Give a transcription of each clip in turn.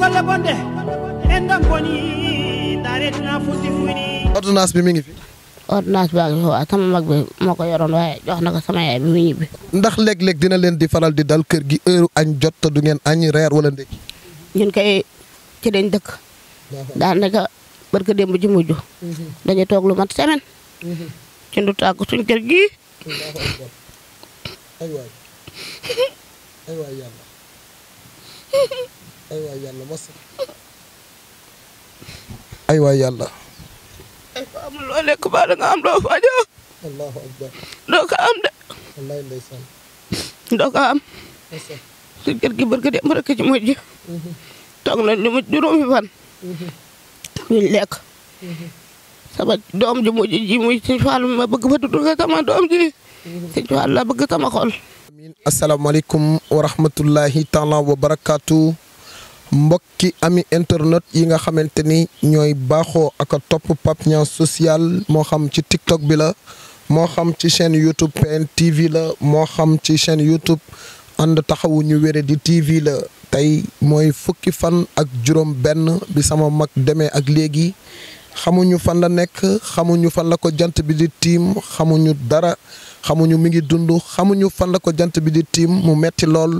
golle bonde enɗam boni daretna futti bi mi ngi fi ordonnance baa ngi fi waaw bi moo ko yoroon waaye jox na ko sama yaay bi mu ñibbi ndax léeg-léeg dina leen di faral di dal kër gi heure añ jot du ngeen añ reer wala ndékki ñun kay ci dañ dëkk daanaka barka démb ji mujj toog lu mat semaine ci ndu tàgg suñ ay waay yàlla mas ay waay yàlla ay ko amul loo lekk ba nga am loo fajoo allahu de wallaay ndeysaan doo ko am su kër gi bërka dem rek ci mujj mhm. toog fan mhm. ñu lekk mhm. sama doom ji mujj ji muy sëñ Fall ma bëgg fa tudd sama doom ji sëñ Fall la bëgg sama xol amin asalaamaaleykum wa taala wa mbokki ami internet yi nga xamante ni ñooy baaxoo ak topp Pape sociale moo xam ci TikTok bi la moo xam ci chaîne YouTube PNTV moo xam ci chaîne YouTube ànd taxawuñu ñu di TV la tey mooy fukki fan ak juróom benn bi sama mag demee ak léegi xamuñu fan la nekk xamuñu fan la ko jant bi di tiim xamuñu dara xamuñu mi ngi dund xamuñu fan la ko jant bi di tiim mu metti lool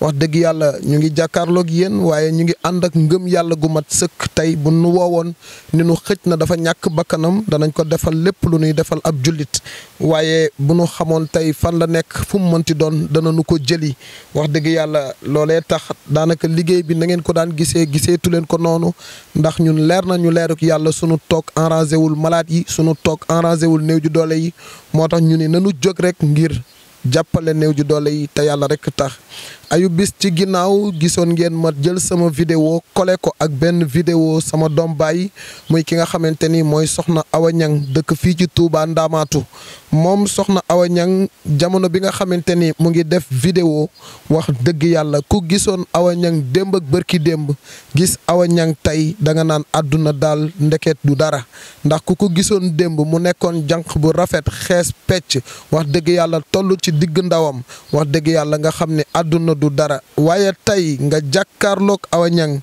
wax dëgg yàlla ñu ngi jàkkaarloog yéen waaye ñu ngi ànd ak ngëm yàlla gu mat sëkk tey bu nu woowoon ni nu xëj na dafa ñàkk bakkanam danañ ko defal lépp lu nuy defal ab jullit waaye bu nu xamoon tey fan la nekk fu mu mënti doon danañu ko jëli wax dëgg yàlla loolee tax daanaka liggéey bi na ngeen ko daan gisee giseetu leen ko noonu ndax ñun leer nañu leeruk yàlla sunu toog enrangé wul malade yi sunu toog enrangé wul néew ju doole yi moo tax ñu ne nanu jóg rek ngir jàppale néew ji doole yi te yàlla rek tax ayu bis ci ginnaaw gison ngeen ma jël sama vidéo collé ko ak ben vidéo sama dom baay muy ki nga xamanteni moy soxna Awa Niang dëkk fii ci Touba Ndamaatu mom soxna Awa Niang jamono bi nga xamanteni mu ngi def vidéo wax deug yalla ku gison Awa Niang ak barki demb gis Awa tay tey da nga naan aduna dal ndeket du dara ndax ku ko gison demb mu nekkon jank bu rafet xess pecc wax deug yalla tollu ci digg ndawam wax deug yalla nga xam aduna du dara waaye tey nga jàkkaarloog Awa Niang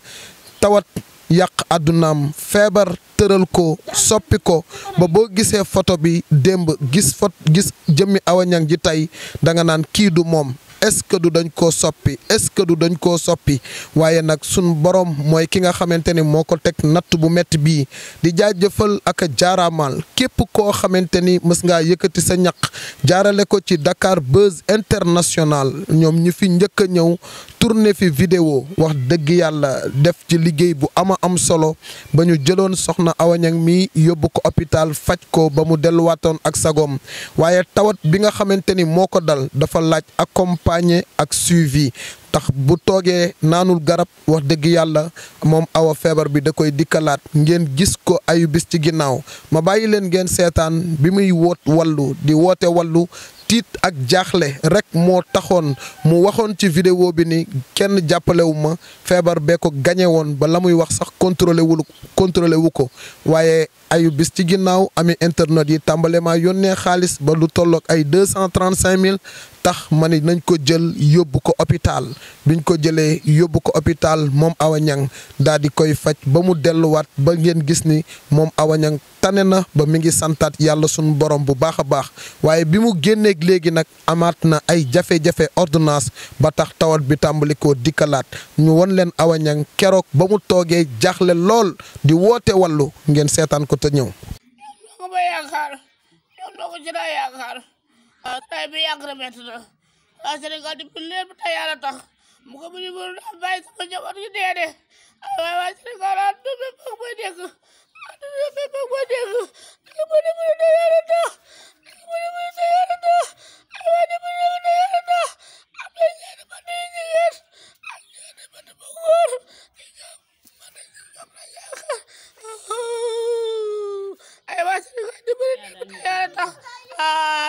tawat yàq àddunaam feebar tëral ko soppi ko ba boo gisee photo bi démb gis fot gis jëmmi Awa ji tey danga naan kii du moom est-ce que du dañ koo soppi est-ce que du dañ koo soppi waaye nag sunu borom mooy ki nga xamante ni moo ko teg natt bu métti bii di jaajëfal ak jaaraamal képp koo xamante ni mës ngaa yëkkati sa ñax jaarale ko ci Dakar Buzz International ñoom ñi fi njëkk a ñëw tourné fi vidéo wax dëgg yàlla def ci liggéey bu ama am solo ba ñu jëloon soxna Awa mi yóbbu ko hôpital faj ko ba mu delluwaatoon ak sagoom waaye tawat bi nga xamante ni moo ko dal dafa laaj accompagner ak suivi tax bu toogee naanul garab wax dëgg yàlla moom awa feebar bi da koy dikkalaat ngeen gis ko ayu bis ci ginnaaw ma bàyyi leen ngeen seetaan bi muy woot wallu di woote wallu tiit ak jaaxle rek moo taxoon mu waxoon ci vidéo bi ni kenn jàppalewu ma feebar bee ko gañe woon ba la muy wax sax contrôlé wul contrôlé wu ko waaye ayu bis ci ginnaaw ami internet yi tàmbale maa yónnee xaalis ba lu tolloog ay deux cent cinq mille tax ma ni nañ ko jël yóbbu ko opitaal biñ ko jëlee yóbbu ko hôpital moom Awa Niang daal di koy faj ba mu delluwaat ba ngeen gis ni moom Awa tane na ba mi ngi santaat yàlla sunu borom bu baax a baax waaye bi mu génneek léegi nag amaat na ay jafe-jafe ordonnance ba tax tawat bi tàmbali koo dikkalaat ñu won leen Awa keroog ba mu toogee jaaxle lool di woote wallu ngeen seetaan ko te ñëw. Tapi tay bi yàgg na metti na waa Sénégal di pil lépp te yàlla tax mu ko buñu mënu daa bàyyi sama njaboot gi dee de ay waay waa Sénégal waa du bépp ak mooy dégg waa du bépp ak mooy dégg daga mu ne mënu daa yàlla tax daga mu ne mënu daa yàlla tax ay waay di mënu daa yàlla tax am na ñaari man yu jigéen ak ñaari man bu góor di nga mën a am na yaakaar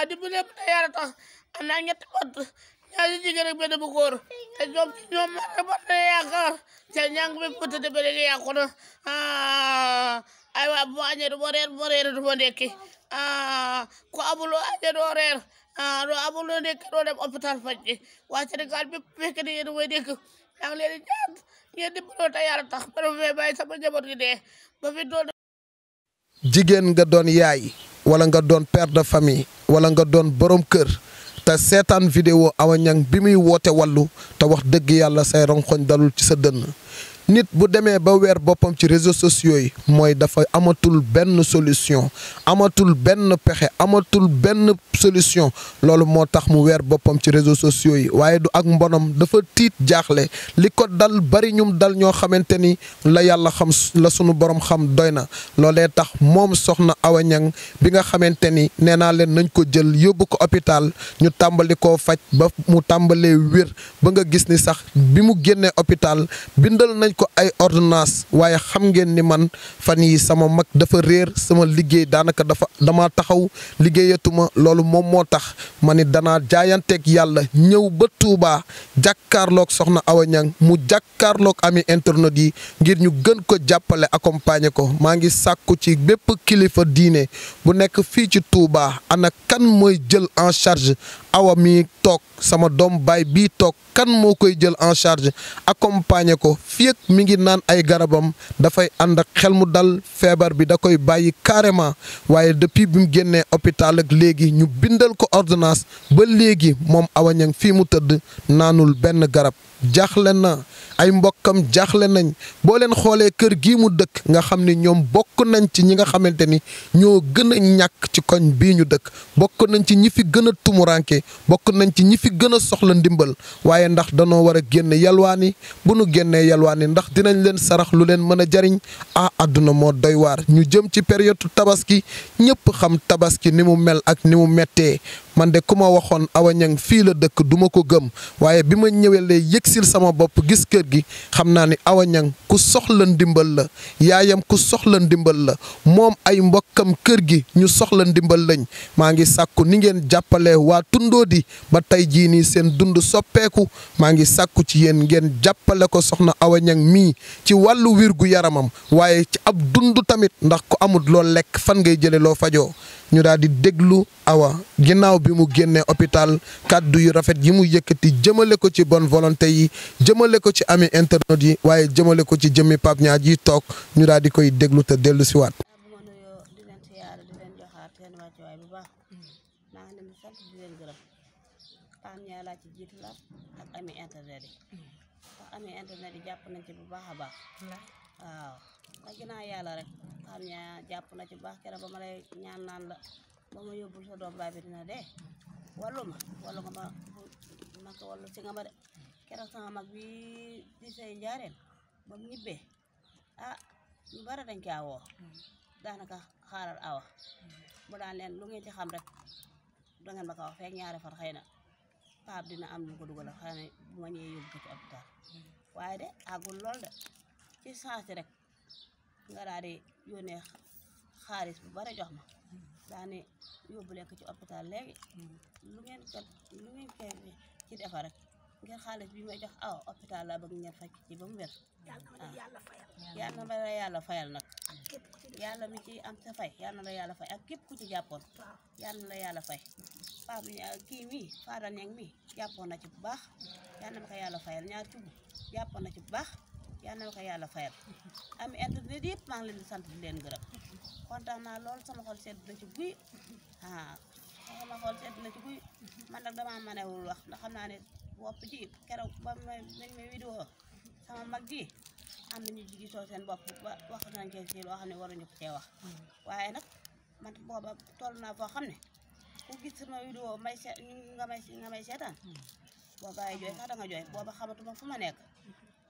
di dimbali lépp te yàlla tax am naa ñetti bant ñaari jigéen ak benn bu góor te ñoom ci ñoom ma reporté yaakaar te ñàng bi ko de bele léegi yàqu na ay waa bu ma añee du ma reer bu ma reer du ma ndekki ku amuloo añee doo reer doo amuloo ndekki doo dem hôpital faj ji waa Sénégal bi fekk ni yéen mooy ndekki yaa ngi leen di ñaan ngeen dimbaloo te yàlla tax ba dama bay bàyyi sama njaboot gi dee ba fi do jigen nga don yaay wala nga don père de famille wala nga doon borom kër te seetaan vidéo Awa Niang bi muy woote wallu te wax dëgg yàlla say rongoñ dalul ci sa dënn nit bu demee ba bopam ci réseaux sociaux yi dafa amatul solution amatul ben amatul ben solution lolou motax mu ci réseaux sociaux yi ak mbonom dafa tit jaxlé liko dal bari ñum dal la yalla xam la sunu borom xam doyna lolé tax mom soxna awañang bi nga xamanteni ko jël hôpital ñu ko ay ordonnance waaye xam ngeen ni man fan yi sama mag dafa réer sama liggéey daanaka dafa dama taxaw liggéeyatuma loolu moom moo tax ma ni danaa jaayanteeg yàlla ñëw ba Touba jàkkaarloog soxna Awa mu jàkkaarlook ami internet yi ngir ñu gën ko jàppale accompagner ko maa ngi sàkku ci bépp kilifa diine bu nekk fii ci Touba ana kan mooy jël en charge awa mii toog sama doom baay bii toog kan moo koy jël en charge accompagner ko fii ak mi ngi naan ay garabam dafay ànd ak xel mu dal feebar bi da koy bàyyi carrément waaye depuis bi mu génnee hôpital ak léegi ñu bindal ko ordonnance ba léegi moom awa ñang fii mu tëdd naanul benn garab jaaxle na ay mbokkam jaaxle nañ boo leen xoolee kër gi mu dëkk nga xam ni ñoom bokk nañ ci ñi nga xamante ni ñoo gën a ñàkk ci koñ bii ñu dëkk bokk nañ ci ñi fi gën a tumuranke bokk nañ ci ñi fi gën a soxla ndimbal waaye ndax danoo war a génn yalwaani bu nu génnee yalwaani ndax dinañ leen sarax lu leen mën a jariñ ah àdduna moo doy waar ñu jëm ci période tabaski ñëpp xam tabaski ni mu mel ak ni mu mettee man de ku ma waxoon Awa fii la dëkk duma ko gëm waaye bi ma ñëwee lay yëgsil sama bopp gis kër gi xam naa ni Awa ku soxla ndimbal la yaayam ku soxla ndimbal la moom ay mbokkam kër gi ñu soxla ndimbal lañ maa ngi sàkku ni ngeen jàppale waa Tundóodi ba tey jii nii seen dund soppeeku maa ngi sàkku ci yéen ngeen jàppale ko soxna Awa mii ci wàllu wér gu yaramam waaye ci ab dund tamit ndax ku amul loo lekk fan ngay jële loo fajoo ñu daal di déglu Awa ginnaaw bi mu génnee hôpital kàddu yu rafet yi mu yëkkati jëmale ko ci bon volonté yi jëmale ko ci ami internet yi waaye jëmale ko ci jëmmi Pape Niang ji toog ñu daal di koy déglu te dellu si waat. amee internet yi jàpp nañ ci bu baax a baax waaw ndax ginnaaw yàlla rek xam ñaa jàpp na ci baax keroog ba ma lay ñaan naan la boo ma yóbbul sa doom baay bi dina dee wallu wallu nga ma nak wallu si ma de keroog sama mag bi di say njaareen ba mu ñibbee ah ñu bare dañ caa woo daanaka xaaral awa mu daan leen lu ngeen ci xam rek dangeen ma ko wax fekk ñaari fan xëy na paab dina am lu ko dugal xëy na bu ma ñëwee yóbbu ko ci hôpital waaye de àggul lool de ci saasi rek nga daal di yónnee xaalis bu jox ma daane yóbbu lekk ci hôpital léegi lu ngeen ko lu ngeen ko ci defar rek ngeen xaalis bi may jox aw ah, hôpital la bëgg ngeen faj ci ba wër yalla yàlla na la fayal nak ah. yalla mi ci am sa fay yalla la yalla fay ak képp ku ci jappon yalla la yalla fay paa bi ah, kii mii faadal neeg mi jappon na ci bu baax yalla ma ko yalla fayal ñaar cubu jappon na ci bu baax yal na la ko yàlla fayal am internet yëpp maa ngi di di gërëm lool sama xol sedd na ci guy ah sama xol sedd na ci guy man nag damaa mënewul wax ndax xam naa ne bopp ji keroog ba nañ sama mag ame am nañu jigi soo seen bopp ba wax nañ ci si loo xam ne waruñu ko cee wax waaye nag man booba toll naa foo xam ku gis sama vidéo may nga may nga may seetaan boo bàyyi jooy sax da nga jooy booba xamatuma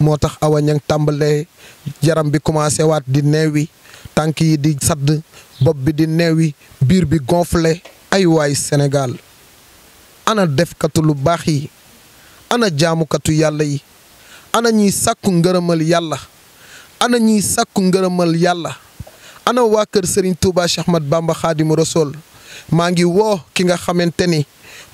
moo tax Awa Niang tàmbalee yaram bi commencé waat di neewi tànk yi di sadd bopp bi di neewi biir bi gonflé ay waay Sénégal ana defkatu lu baax yi ana jaamukatu yàlla yi ana ñuy sàkku ngërëmal yàlla ana ñiy sàkku ngërëmal yàlla ana waa kër Serigne Touba Cheikh Ahmad Bamba Xaadimu Rasuul maa ngi woo ki nga xamante ni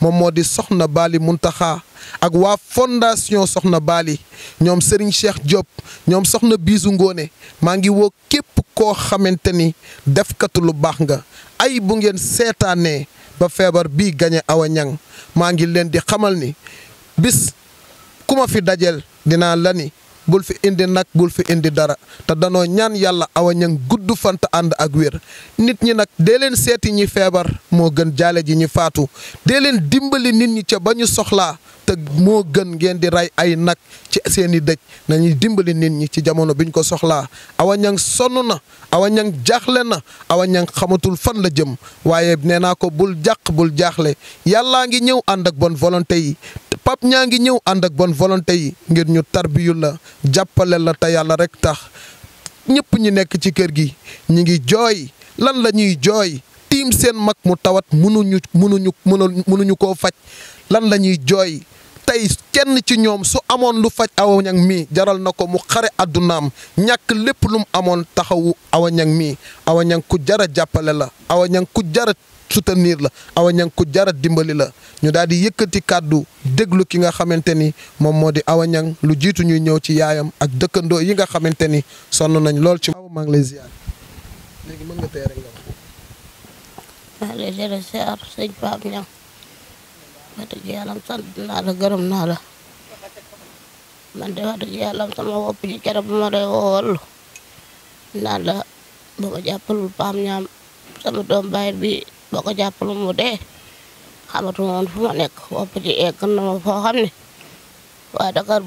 moom moo di soxna Baali Muntaxa ak waa fondation Soxna baali ñoom Serigne Cheikh Diop ñoom Soxna biisu ngoone maa ngi woo képp koo xamante ni defkat lu baax nga ay bu ngeen seetaanee ba feebar bii gañe awa ñang maa ngi leen di xamal ni bis kuma fi dajeel dina la ni bul fi indi nag bul fi indi dara te danoo ñaan yàlla awa gudd fant ànd ak wér nit ñi nag dee leen seeti ñi feebar moo gën jaale ji ñi faatu dee leen dimbali nit ñi ca ba ñu soxlaa moo gën ngeen di rey ay nag ci seen i dëj nañuy dimbali nit ñi ci jamono biñ ko soxlaa awa sonn na awa ñang jaaxle na awa xamatul fan la jëm waaye nee naa ko bul jàq bul jaaxle yàllaa ngi ñëw ànd ak bon volonté yi pap ñaa ngi ñëw ànd ak bonne volonté yi ngir ñu tarbiyu la jàppale la te yàlla rek tax ñëpp ñi nekk ci kër gi ñi ngi jooy lan la ñuy jooy tiim seen mag mu tawat mënu mënuñu mënuñu mënuñu koo faj lan la ñuy jooy tey kenn ci ñoom su amoon lu faj Awa Niang mii jaral na ko mu xare àddunaam ñàkk lépp lu amoon taxawu Awa Niang mii Awa ku jara jàppale la Awa Niang ku jara soutenir la Awa ku jara dimbali la ñu daal di yëkkati kàddu déglu ki nga xamante ni moom moo di Awa lu jiitu ñuy ñëw ci yaayam ak dëkkandoo yi nga xamante ni sonn nañ lool ci. waaw maa ngi wax dëgg yàlla sant naa la gërëm naa la man de dëgg yàlla sama bopp ji keroog bu ma doy wool naan ba ma jàppalul paam ñaam sama doom baay bi boo ko jàppalul mu dee xamatuma mu fu ma nekk bopp ji egg na ma foo Dakar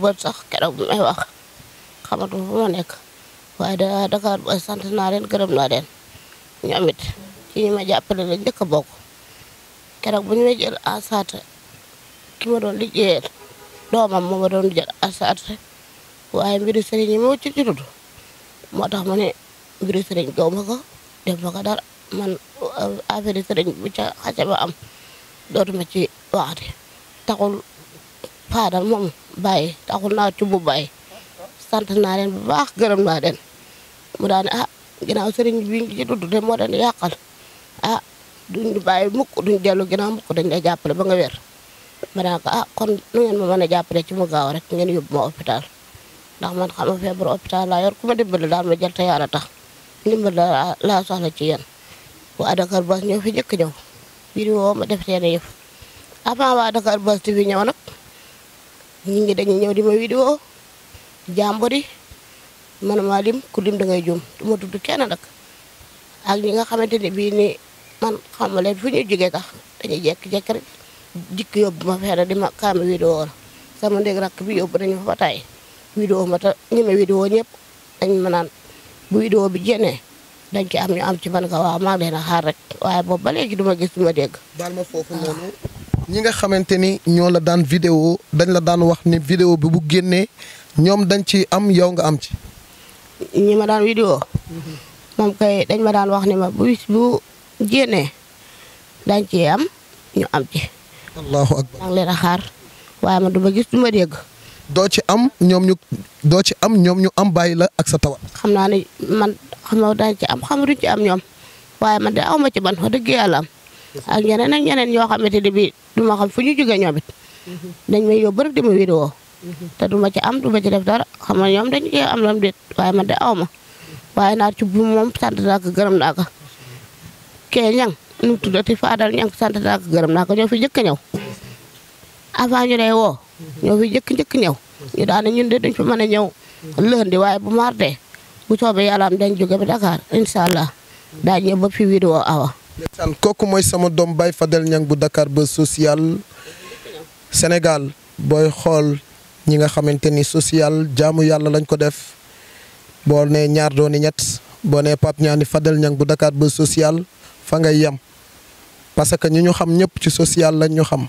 bu may wax xamatuma fu ma nekk waaye da Dakar sant naa leen gërëm naa leen ñoom ma jàppale la njëkk a bokk bu ñu may jël asaata ki ma doon liggéeyal doomam moo doon jël asaat waaye mbiru sëriñ yi moo ci juddu moo tax ma ne mbiru sëriñ gaw ma ko def ma ko dara man affaire sëriñ bu ca xase ba am dootuma ci waxati taxul faadal moom bàyyi taxul naa ci bu bàyyi sant naa leen bu baax gërëm naa leen mu daane ah ginnaaw sëriñ bi ngi ci dudd te moo leen yàqal ah duñ bàyyi mukk duñ dellu ginnaaw mukk dañ lay jàppale ba nga wér ma ko ah kon nu ngeen ma mën a jàppale ci mu gaaw rek ngeen yóbbu ma hôpital ndax man xam nga feebaru hôpital laa yor kuma ma dimbali daal ma jël te yàlla tax ndimbal la laa soxla ci yéen waa Dakar Buzz ñëw fi njëkk ñëw biir woo ma def seen yëf avant waa Dakar Buzz fi ñëw nag ñi ngi dañuy ñëw di ma vidéo jambo di man ma lim ku lim da ngay juum du ma tudd kenn ka ak ngi nga xamante di bii ni man xam ma leen fu ñuy jógee tax dañuy jek jek rek dikk yóbbu ma fere di ma kaame vidéo la sama ndég rakk bi yóbbu nañu fa tay vidéo ma ta ñi ma vidéo ñëpp dañ ma naan bu vidéo bi jenee dañ ci am am ci man nga waaw leen a xaar rek waaye boobu ba léegi du gis du ma dégg baal ma foofu ah. noonu nga xamante ni ñoo la daan vidéo dañ la daan wax ni vidéo bi bu génnee ñoom dañ ci am yow am ci ñi ma daan vidéo moom kay dañ ma daan wax ni ma bu bis bu dañ ci am ñu am ci allahu akbar maa ngi leen a xaar waaye ma du ma gis du ma dégg. doo ci am ñoom ñu doo ci am ñoom ñu am bàyyi la ak sa tawat. xam naa ne man xam naa daañu ci am xamuñu ci am ñoom waaye man de aw ma ci man dëgg yàlla am. ak ñeneen ak ñeneen yoo xamante ne bii du ma xam fu ñu jógee ñoom it. dañ may yóbbu rek di ma vidéo te du ci am du ma ci def dara xam nga ñoom dañu am lam déet waaye man de aw ma waaye naar ci bu moom sant naa ko gërëm naa ko nu tuddati faadal ñank sant da ko gërem na ko ñofi jëk ñew ñëw avant ñu day wo ñofi jëk jëk ñew ñu daana ñun de dañ fa mëna ñew ñëw way bu marté bu soobee yalla am dañ jóge ba Dakar inshallah da daa ba fi vidéo awa san koku moy sama doom Baye Fadel ñang bu Dakar ba social Sénégal boy xol ñi nga xamanteni social jaamu yalla lañ ko def bo nee ñaar dooni ñett boo nee Pape Fadel ñang bu Dakar ba social fa ngay yam parce que ñu xam ñëpp ci social la ñu xam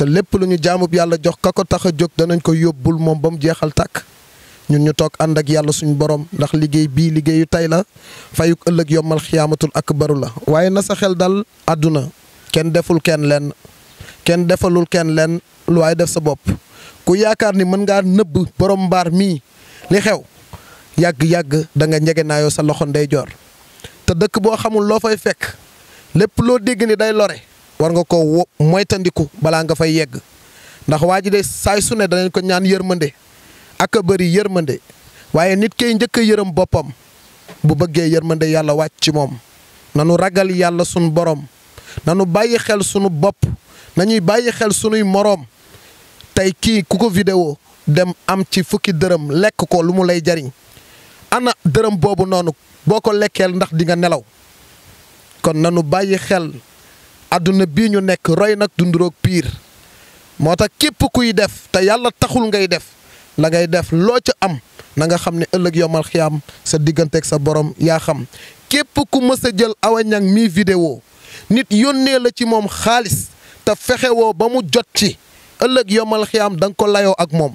te lepp lu ñu jaamub yalla jox kako ko tax a danañ ko yobul mom bam jeexal ñun ñu tok ànd ak suñu borom ndax bi liggey yu tay la fayuk ëlëk yomal khiyamatul akbar la. waye na sa xel dal aduna, ken deful ken len ken defalul ken len lu way def sa bop ku yaakar ni mën nga neub borom bar mi li xew yag yag da nga ñege nayo sa loxo jor dëkk boo xamul loo fay fekk lépp loo dégg ni day lore war nga ko moytandiku balaa nga fay yegg ndax waa ji de saay su ne danañ ko ñaan yërmande ak a bëri yërmande waaye nit kay njëkk a yërëm boppam bu bëggee yërmande yàlla wàcc ci moom nanu ragal yàlla sunu boroom nanu bàyyi xel sunu bopp nañuy bàyyi xel sunuy moroom tey kii ku ko vidéo dem am ci fukki dërëm lekk ko lu mu lay jariñ ana dërëm boobu noonu boko lekkel ndax di nga nelaw kon nanu bayyi xel aduna bi ñu nek roy nak dunduro piir moo tax képp kuy def ta yalla taxul ngay def la ngay def lo ci am na nga xamne ne yomal xiyam sa ak sa borom ya xam kep ku mësa jël Awa Niang mii vidéo nit yonne la ci mom xaalis ta fexewoo ba mu jot ci yomal xiyam dang ko layo ak mom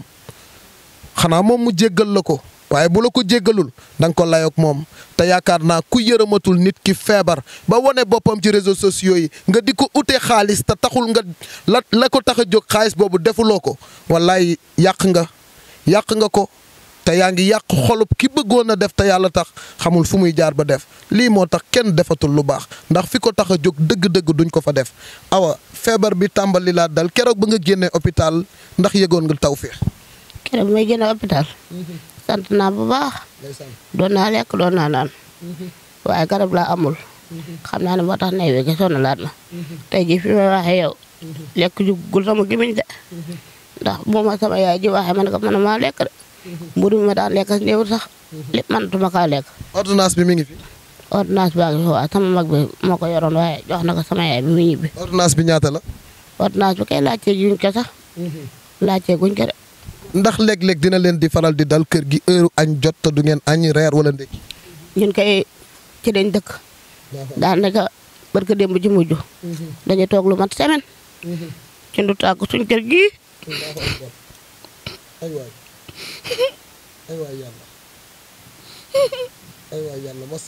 xana mom mu jéggal lako waaye bu la ko jéggalul da nga ko layoog moom te yaakaar naa ku yërëmatul nit ki feebar ba wane boppam ci réseau sociaux yi nga di ko utee xaalis te taxul nga la la ko tax a jóg xaalis boobu defuloo ko wallaay yàq nga yàq nga ko te yaa ngi yàq xolub ki bëggoon a def te yàlla tax xamul fu muy jaar ba def lii moo tax kenn defatul lu baax ndax fi ko tax a jóg dëgg-dëgg duñ ko fa def awa feebar bi tàmbali laa dal keroog ba nga génnee hôpital ndax yëgoon nga taw fi sant naa bu baax. doon naa lekk doon naa naan. Mm-hmm. waaye garab laa amul. Mm-hmm. xam naa ne moo tax nay weege sonn laat na. Mm-hmm. tey jii fi ma waxee yow. lekk jugul sama gimiñ de. ndax bu ma sama yaay ji waxee man ka maa lekk de. mburu mi ma daan lekk si néew sax. lépp mënatuma kaa lekk. ordonnance bi mi ngi fi. baa ngi fi waaw sama mag bi moo ko yoroon waaye jox na ko sama yaay bi mu ñibbi. ordonnance bi ñaata la. ordonnance bi kay laajtee guñ ko sax. laajtee guñ ko de. ndax léeg-léeg dina leen di faral di dal kër gi heure añ jot du ngeen añ reer wala ndékki. ñun kay ci dañ dëkk. daanaka barka démb ji mujj. dañuy toog lu mat semaine. ci du tàgg suñ kër gii. aywaay yàlla aywaay yàlla mos.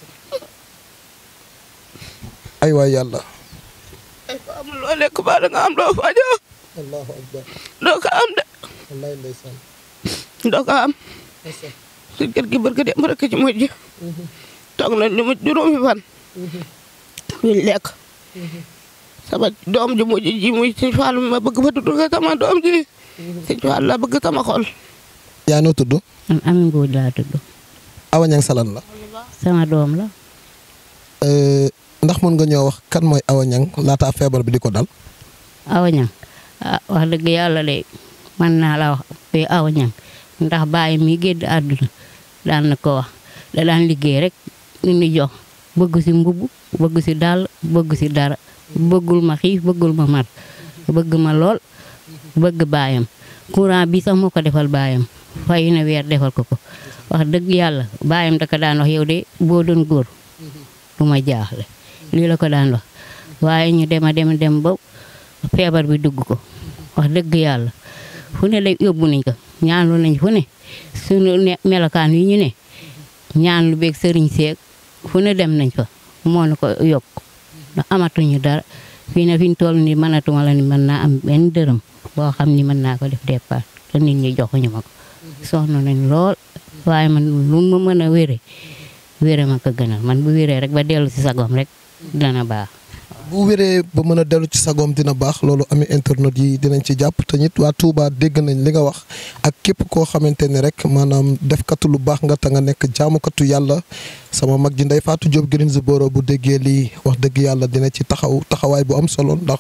yàlla. ay ko amul loo lekk ba loo fajoo. doo ko am de. wallaay ndeysaan da ka am su kër gi barka dem rek ci mujj toog na lu mu juróomi fan tamit lekk sama doom ji mujj ji muy sëñ ma bëgg fa tudd nga sama doom ji sëñ Fall la bëgg sama xol yaa noo tudd man Ami Ngooj laa tudd Awa Niang sa la sama doom la eh, ndax mën nga ñoo wax kan mooy Awa Niang laata feebar bi di ko dal Awa Niang ah wax dëgg man na la wax aw ñang ndax bàyyi mi gédd aduna daan na ko wax da daan liggéey rek ni jox bëgg ci mbubb bëgg ci dal bëgg ci dara bëggul ma xif bëggul ma mar bëgg ma lol bëgg baayam courant bi sax moko defal baayam fay na weer defal ko ko wax deug yalla baayam da ka daan wax yow de bo doon goor du ma jaaxle li la ko daan wax waye ñu dema dem dem ba febar bi dugg ko wax deug yalla fune ne lay yóbbu nañ ko ñaan lu nañ fu ne suñu melokaan yi ñu ne ñaan lu beeg sëriñ seeg fu ne dem nañ fa moo na ko yokk amatuñu dara fii na fi ñu toll ni mënatuma mën naa am benn dërëm boo xam ni mën naa ko def départ te nit ñi joxuñu ma ko soxna nañ lool waaye man ma mën a wére wére ma ko gënal man bu wéree rek ba dellu si sagom rek dana baax bu wéree ba mën a dellu ci sagoom dina baax loolu ami internet yi dinañ ci jàpp tañit waa Touba dégg nañ li nga wax ak képp koo xamante ni rek maanaam defkatu lu baax nga te nga nekk jaamukatu yàlla sama mag ji Ndeye Fatou Diop Gainsborough bu déggee lii wax dëgg yàlla dina ci taxaw taxawaay bu am solo ndax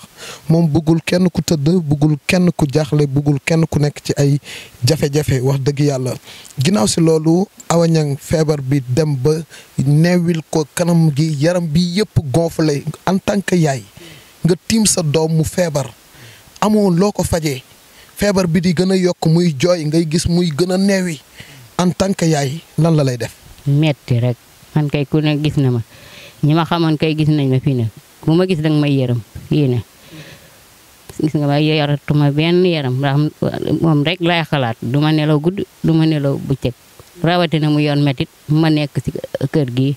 moom bëggul kenn ku tëdd bëggul kenn ku jaaxle bëggul kenn ku nekk ci ay jafe-jafe wax dëgg yàlla. ginnaaw si loolu awañang feebar bi dem ba neewil ko kanam gi yaram bi yëpp gonflé en tant yaay nga tiim sa doom mu feebar amoo loo ko fajee feebar bi di gën a yokk muy jooy ngay gis muy gën a neewi en tant yaay lan la lay def. man kay ku ne gis na ma ñi ma kay gis nañ ma fi ne ku ma gis dang may yërëm ne gis nga ma yaratuma benn yaram ndax moom rek lay xalat duma nelo nelaw duma nelo bu nelaw rawati na mu yon metit ma nek ci kër gi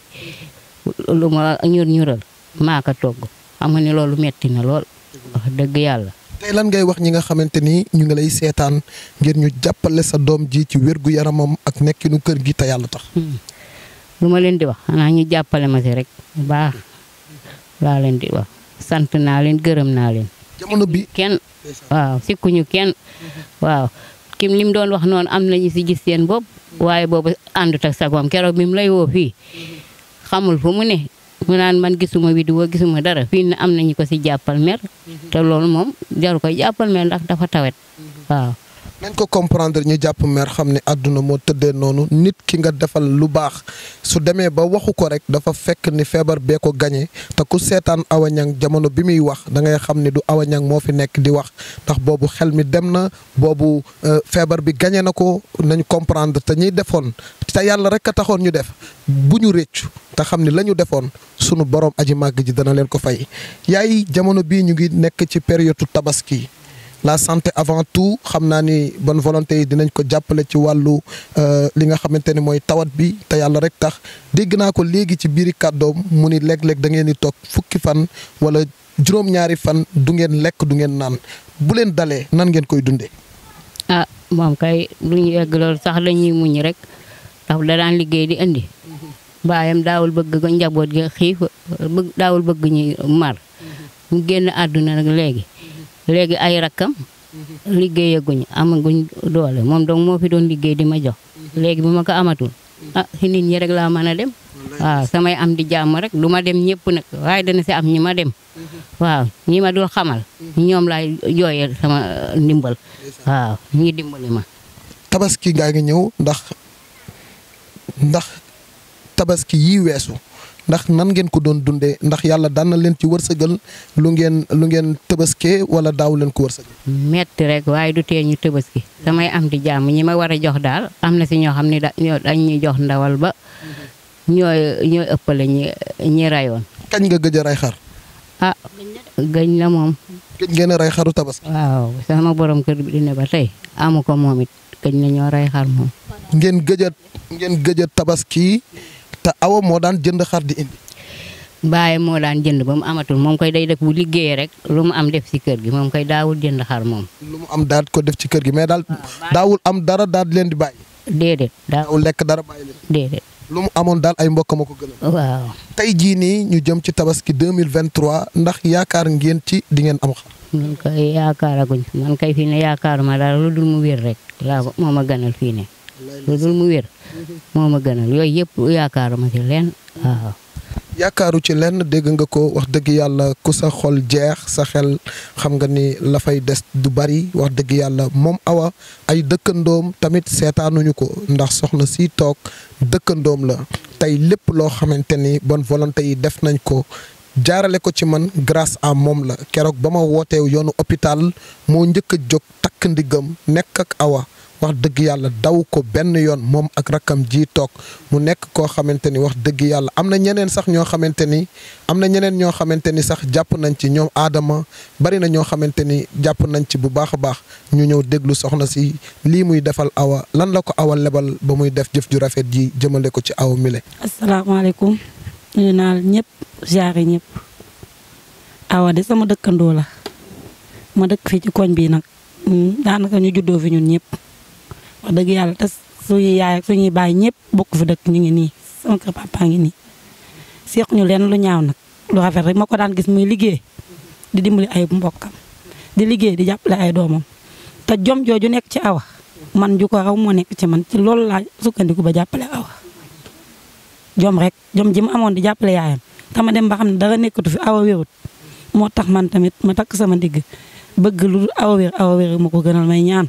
lu ma ñur ñural ma ka togg xam ni lolu metti na lol wax deug yalla tay lan ngay wax ñi nga xamanteni ñu ngi lay sétane ngir ñu jappalé sa dom ji ci wërgu yaramam ak nekkinu kër gi ta yalla tax. Hmm. lu leen di wax xanaa ñu jàppale ma si rek bu baax laa leen di wax sant naa leen gërëm naa leen. jamono kenn waaw sikkuñu kenn waaw kim lim doon wax noonu am nañu si gis seen bopp waaye boobu àndut ak sagoom keroog bi mu lay woo fii xamul fu mu ne mu naan man gisuma wideo gisuma dara fii ne am nañu ko si jàppal mer te loolu moom jaru ko jàppal mer ndax dafa tawet waaw. nañ ko comprendre ñu japp mer xamni aduna mo nonu nit ki nga defal lu bax su demee ba waxu ko rek dafa fekk ni feebar bee ko gagné ta ku sétane awañang jamono bi mi wax da ngay xamni du awañang mo fi nek di wax tax bobu xel mi dem na euh, bi gagné nako nañ comprendre ta ñi defon ta yalla rek ka taxoon ñu def bu ñu sunu borom aji magi ji dana len ko fay yaay jamono bi ñu ngi nek ci période tabaski. la santé avant tout xam naa ni ban volonté yi dinañ ko jàppale ci wàllu euh, li nga xamante ni mooy tawat bi te yàlla rek tax dégg naa ko léegi ci biir i kàddoom mu ni léeg-léeg da ngeen di toog fukki fan wala juróom-ñaari fan du ngeen lekk du ngeen naan bu leen dalee nan ngeen koy dundee. a ah, moom kay lu ñu egg loolu sax la ñuy muñ rek ndax da daan liggéey di indi baayam daawul bëgg ko njaboot gi xiif daawul bëgg ñuy mar mu génn àdduna nag léegi. léegi ay rakkam mhm. liggéeyaguñ amaguñ doole moom donc moo fi doon liggéey di ma jox mhm. léegi bu ma ko amatul mhm. ah si nit ñi rek laa mën a dem waaw samay am di jàmm rek du ma dem ñëpp nag waaye dana si am ñi ma dem waaw ñi ma dul xamal ñoom laay jooyal sama uh, ndimbal waaw ñi dimbali ma tabaski ngaa ngi ñëw ndax ndax tabaski yi weesu ndax nan ngeen ko doon dundé ndax yalla dan na leen ci wërsegal lu ngeen lu ngeen tëbaskee wala daw leen ko wërsegal metti rek way du tee ñu tëbaski samay am di jamm ñi ma wara jox dal amna ci ño xamni dañ ñi jox ndawal ba ñoy ñoy ëppalé ñi ñi rayoon. kañ nga gëjë ray xar. ah gëñ la mom gëñ ngeen ray xaru tabaski. waaw sama borom kër bi dina ba tay amuko momit gëñ la gëj ñoo ray xar mom ngeen gëjë ngeen gëjë tabaski. te awa moo daan jënd xar di indi. baaye moo daan jënd ba mu amatul moom koy day def bu liggéeyee rek lu mu am def ci kër gi moom koy daawul jënd xar moom. lu mu am daal ko def ci kër gi mais daal. Ah, daawul am dara daal di leen di bàyyi. déedéet daawul lekk dara bàyyi leen. déedéet lu mu amoon daal ay mbokk ma ko waaw tey jii nii ñu jëm ci tabaski 2023 ndax yaakaar ngeen ci di ngeen am xar. ñun kay yaakaaraguñ man kay fii ne yaakaaruma daal lu dul mu wér rek laa moom a gënal fii ne. lu mu wér moo ma gënal yooyu yëpp yaakaaruma ci lenn waaw. yaakaaru ci lenn dégg nga ko wax dëgg yàlla ku sa xol jeex sa xel xam nga ni la fay des du bari wax dëgg yàlla moom awa ay dëkkandoom tamit seetaanuñu ko ndax soxna si toog dëkkandoom la tey lépp loo xamante ni bon volonté yi def nañ ko jaarale ko ci man grace à moom la keroog ba ma wootee yoonu hôpital moo njëkk a jóg takk ndigam nekk ak awa wax dëgg yàlla daw ko benn yoon moom ak rakkam ji toog mu nekk koo xamante ni wax dëgg yàlla am na ñeneen sax ñoo xamante ni am na ñeneen ñoo xamante ni sax jàpp nañ ci ñoom aadama bari na ñoo xamante ni jàpp nañ ci bu baax a baax ñu ñëw déglu soxna si lii muy defal awa lan la ko awa lebal ba muy def jëf ju rafet ji jëmale ko ci awa mile. asalaamaaleykum nuyu naa ñépp jaare ñëpp awa de sama dëkkandoo la ma dëkk fii ci koñ bii nag hmm, daanaka ñu juddoo fi wax dëgg yalla te suñu yaay ak suñu baay ñepp bokku fi dëkk ñu ngi ni sama papa ngi ni seeq ñu lu ñaaw nak lu rafet rek mako daan gis muy liggéey di dimbali ay mbokam di liggéey di jàppale ay doomam ta jom joju nekk ci awa man ju ko raw mo nekk ci man ci lool la sukkandiku ba jàppale awa jom rek jom ji ma di jàppale yaayam tama dem ba xamne dara nekkatu fi awa wewut moo tax man tamit ma tak sama digg bëgg lu awa wér awa wér mako gënal may ñaan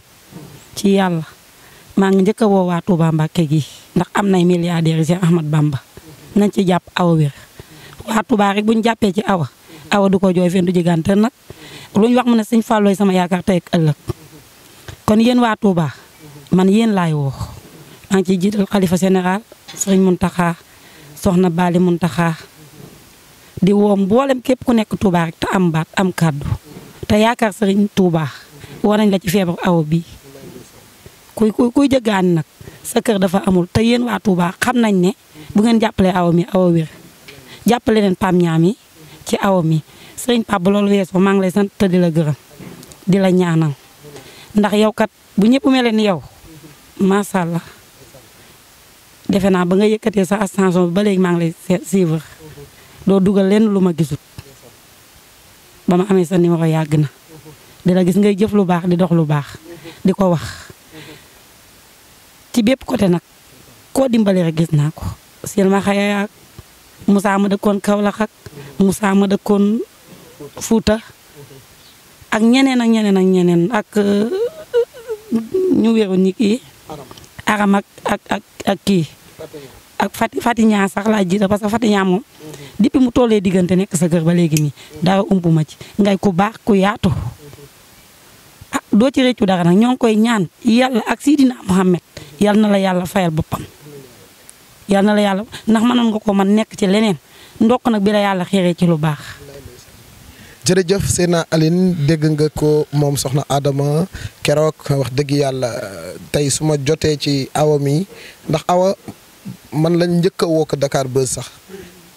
ci yalla maa ngi njëkk a woo waa tubaa Mbacke gi ndax am nay milliardaires Cheikh Ahmad Bamba nañ ci jàpp awa wér waa tubaa rek bu ñu jàppee ci awa awa du ko jooy fen du jigante nag lu ñu wax mu ne sëñ Fallooy sama yaakaar tey ak kon yéen waa Touba man yéen laay woo maa ngi ciy jiital xalifa général sëriñ Muntaxa soxna Bali Muntaxa di woo mboolem képp ku nekk tubaa rek te am baat am kàddu te yaakaar sëriñ Touba war nañ la ci feebar awa bii kuy kuy kuy jëggaani nag sa kër dafa amul te yéen waa baax xam nañ ne bu ngeen jàppalee awa mi awa wér jàppale leen Pam ñaam ci awa mi sëriñ Pape loolu weesoo maa ngi sant te di la gërëm di la ñaanal ndax yow kat bu ñëpp mel ni yow macha allah defe naa ba nga yëkkatee sa ascension ba léegi maa ngi lay doo dugal leen lu ma gisut ba ma amee sa numéro yàgg na di la gis ngay jëf lu baax di dox lu baax di ko wax. ci bép côté nak ko dimbalé rek gis naa ko ma xaya Moussa ma dëkkoon Kaolack ak Moussa ma kon fouta ak ñeneen ak ñeneen ak ñeneen ak euh, ñu wéru ni ki aram ak ak ak ki ak Fati Fati ñaa sax la jida parce que Fati ñaa moom depuis mu tolé digënté nek sa gër ba légui ni dara umpu ma ci ngay ku baax ku yaatu ah, do ci réccu dara nak ñong koy ñaan yalla ak Sidina Muhammad yal na la yàlla fayal boppam yal na la yàlla ndax ma nam nga ko man nekk ci leneen ndokk nag bi la yàlla xeeree ci lu baax. jërëjëf Seyna Aline dégg nga ko moom soxna Adama keroog wax dëgg yàlla tey su ma jotee ci awa mi ndax awa man lañ njëkk a woo ko Dakar sax.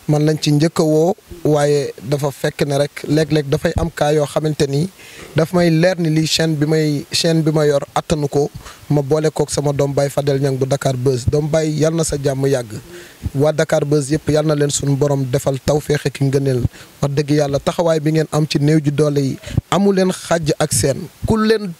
man lañ ci njëkk a woo waaye dafa fekk ne rek léeg-léeg dafay am kaa yoo xamante ni dafa may leer ni lii chaîne bi may chaîne bi ma yor attanu ko ma boole kook sama doom bay Fadel Niang bu Dakar Buzz doom bay yal na sa jàmm yàgg waa Dakar Buzz yëpp yal na leen suñu borom defal tawféex ki ngëneel wax dëgg yàlla taxawaay bi ngeen am ci néew ji doole yi amu leen xàjj ak seen ku leen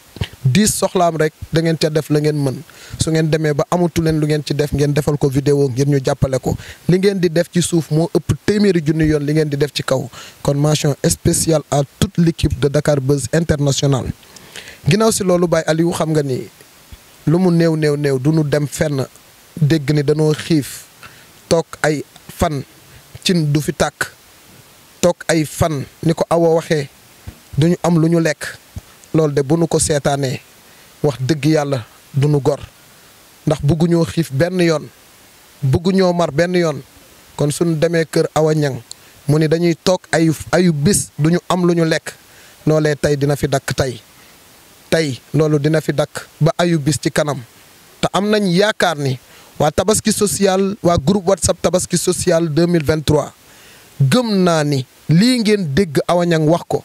dix soxlaam rek da ngeen ca def la ngeen mën su ngeen demee ba amatu leen lu ngeen ci def ngeen defal ko vidéo ngir ñu jàppale ko li ngeen di def ci suuf moo ëpp téeméeri junni yoon li ngeen di def ci kaw kon mention espécial à toute l'équipe de Dakar Buzz International ginnaaw si loolu Baye Aliou xam nga ni lu mu néew néew néew du ñu dem fenn dégg ni dañoo xiif toog ay fan cin du fi tàkk toog ay fan ni ko awa waxee duñu am lu ñu lekk Nol de buñu ko sétané wax dëgg yalla duñu gor ndax xif ben yoon mar ben yoon kon suñu démé kër awa ñang mu ni dañuy tok ayu ayu bis duñu am luñu lek nolé tay dina fi dak tay tay lolou dina fi dak ba ayu bis ci kanam ta am nañ yaakar ni wa tabaski social wa groupe whatsapp tabaski social 2023 gëm na ni li ngeen dégg awañang wax ko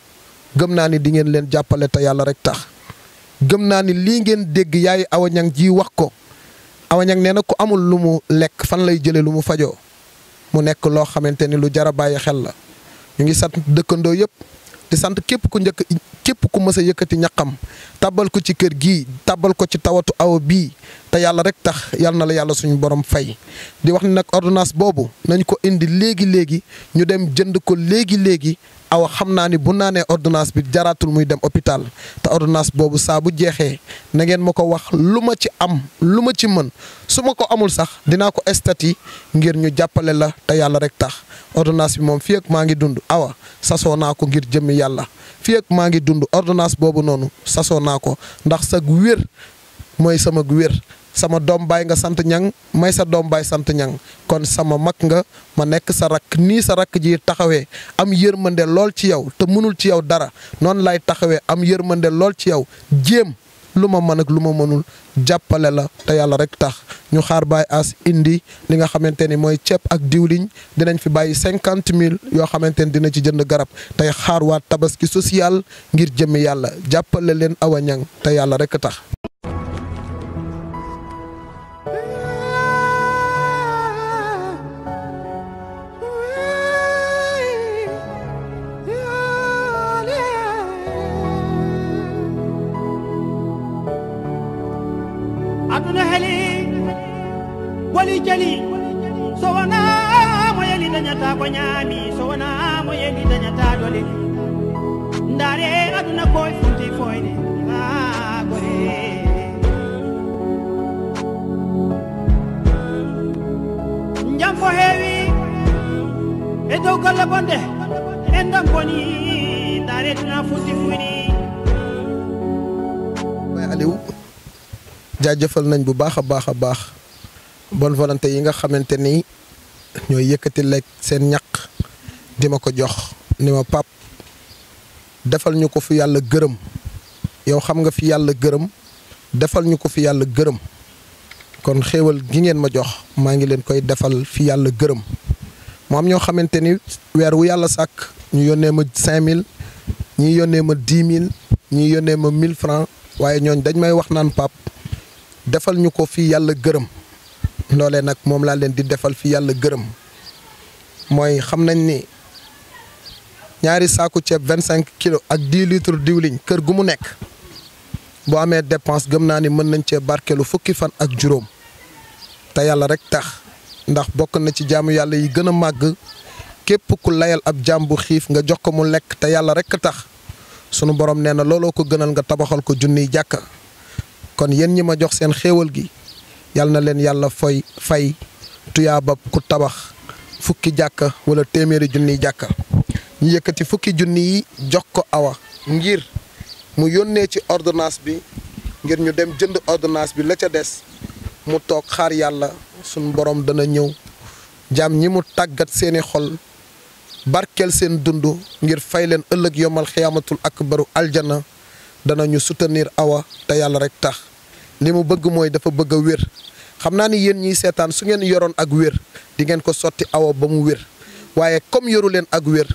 gëm naa ni di ngeen leen jàppale te yàlla rek tax gëm naa ni lii ngeen dégg yaay Awa ji wax ko Awa nee ku amul lu mu lekk fan lay jëlee lu mu fajoo mu nekk loo xamante ni lu jar a bàyyi xel la ñu ngi sant dëkkandoo yëpp di sant képp ku njëkk képp ku mës a yëkkati ñaqam ko ci kër gii tabal ko ci tawatu awa bii te yàlla rek tax yàlla na la yàlla suñu borom fay di wax ni nag ordonnance boobu nañ ko indi léegi léegi ñu dem jënd ko léegi léegi awa xam naa ni bu naanee ordonnance bi jaraatul muy dem hôpital te ordonnance boobu saa bu jeexee nangeen ma ko wax lu ma ci am lu ma ci mën su ma ko amul sax dinaa ko estati ngir ñu jàppale la te yàlla rek tax ordonnance bi moom fii maa ngi dund awa sasoo naa ko ngir jëmmi yàlla fii maa ngi dund ordonnance boobu noonu sasoo naa ko ndax sag wér mooy sama wér sama doom baay nga sant ñaŋ may sa doom baay sant ñang kon sama mag nga ma nekk sa rakk nii sa rakk ji taxawee am yërmande lool ci yow te mënul ci yow dara noonu lay taxawee am yërmande lool ci yow jéem lu ma mën ak lu ma mënul jàppale la te yàlla rek tax ñu xaar baay Ass indi li nga xamante ni mooy ceeb ak diwliñ dinañ fi bàyyi cinquante mille yoo xamante ni dina ci jënd garab tey xaar waa tabaski social ngir jëmmi yàlla jàppale leen awa ñang te yàlla rek tax. jali so wana mo yeli ta ko nyami so wana mo yeli ta dole ndare aduna ko futi foyde ha gore njam fo hewi e do kala bonde en dam boni daretuna futti fuyni aliou jajeufal nañ bu baakha baakha baax bonne volonté yi nga xamante ni ñooy yëkkati lekk seen ñaq di ma ko jox ni ma pap defal ñu ko fi yàlla gërëm yow xam nga fi yàlla gërëm defal ñu ko fi yàlla gërëm kon xéewal gi ngeen ma jox maa ngi leen koy defal fi yàlla gërëm mu am ñoo xamante ni weer wu yàlla sàkk ñu yónnee ma cinq mille ñuy yónnee ma dix mille ñii yónnee ma mille francs waaye ñooñ dañ may wax naan pap defal ñu ko fi yàlla gërëm loolee nag moom laa leen di defal fi yàlla gërëm mooy xam nañ ni ñaari saaku ceeb vingt cinq kilos ak dix litres diwliñ kër gu mu nekk boo amee dépense gëm naa ni mën nañ cee barkeelu fukki fan ak juróom te yàlla rek tax ndax bokk na ci jaamu yàlla yi gën a màgg képp ku layal ab jaam bu xiif nga jox ko mu lekk te yàlla rek tax sunu borom nee na looloo ko gënal nga tabaxal ko junniy jàkka kon yéen ñi ma jox seen xéewal gi. yal na leen yàlla foy fay tuyaabab ku tabax fukki jàkka wala téeméeri junniy jàkka ñu yëkkati fukki junni yi jox ko awa ngir mu yónnee ci ordonnance bi ngir ñu dem jënd ordonnance bi la ca des mu toog xaar yàlla sunu borom dana ñëw jaam ñi mu tàggat seeni xol barkeel seen dund ngir fay leen ëllëg yomal xiyaamatul baru aljana dana ñu soutenir awa te yàlla rek tax li mu bëgg mooy dafa bëgg a wér xam naa ni yéen ñiy seetaan su ngeen yoroon ak wér dingeen ko sotti awa ba mu wér waaye comme yoru leen ak wér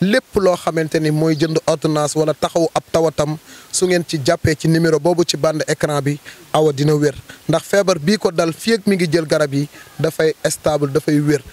lépp loo xamante ni mooy jënd ordonnance wala taxawu ab tawatam su ngeen ci jàppee ci numéro boobu ci bande écran bi awa dina wér ndax feebar bii ko dal fii ak mi ngi jël garab yi dafay stable dafay wér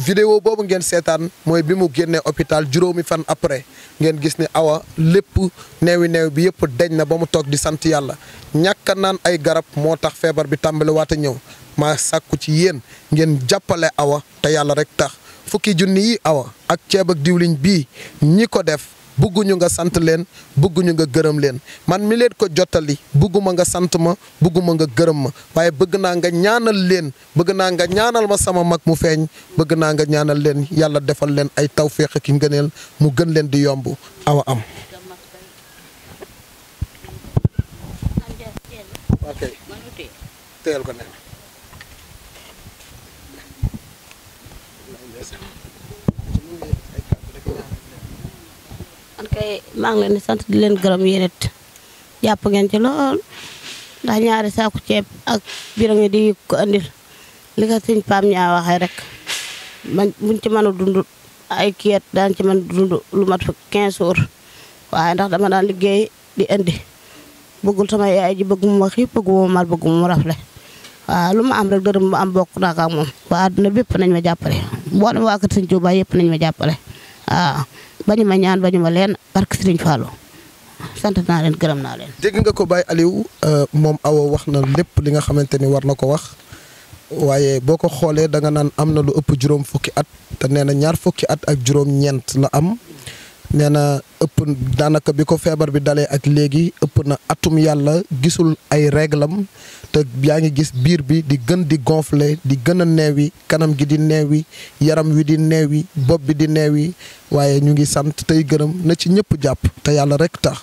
vidéo boobu ngeen seetaan mooy bi mu génnee hôpital juróomi fan après ngeen gis ni awa lépp neewi neew bi yëpp deñ na ba mu toog di sant yàlla ñàkk naan ay garab moo tax feebar bi tàmbali waate ñëw maa sàkku ci yéen ngeen jàppale awa te yàlla rek tax fukki junni yi awa ak ceeb ak diwliñ bii ñi ko def bëgguñu nga sant leen bëgguñu nga gërëm leen man mi leen ko jottali bugguma nga sant ma bëgguma nga gërëm ma waaye bëgg naa nga ñaanal leen bëgg naa nga ñaanal ma sama mag mu feeñ bëgg naa nga ñaanal leen yàlla defal leen ay tawféex ki ngëneel mu gën leen di yomb awa am ok ko ne kay maa ngi leen di sant di leen gërëm yéen it ngeen ci lool ndax ñaari saaku ceeb ak birange di ko andil li nga señ pam ñaa waxe rek man buñ ci mëna dund ay kiyet daan ci mën dund lu mat fa 15 jours waaye ndax dama daan liggéey di andi bëggul sama yaay ji bëggum ma xiif bëggum ma mal bëggum ma rafle waa lu ma am rek dërëm mu am bokk naa ak moom waa adduna bépp nañ ma jàppale mboolem waa kër sëñ Tuubaa yépp nañ ma jàppale waaw bañu ma ñaan bañu leen barke Sëriñ Fallou sant naa leen gërëm naa leen. dégg nga ko Baye aliw euh, moom Awa wax na lépp li nga xamante ni war na ko wax waaye boo ko xoolee da nga naan am na lu ëpp juróom fukki at te nee na ñaar fukki at ak juróom-ñeent la am nee na ëpp daanaka bi ko feebar bi dalee ak léegi ëpp na atum yàlla gisul ay réglam te yaa ngi gis biir bi di gën di gonfler di gën a neewi kanam gi di yi yaram wi di neewi bopp bi di yi waaye ñu ngi sant tey gërëm na ci ñëpp jàpp te yàlla rekk tax.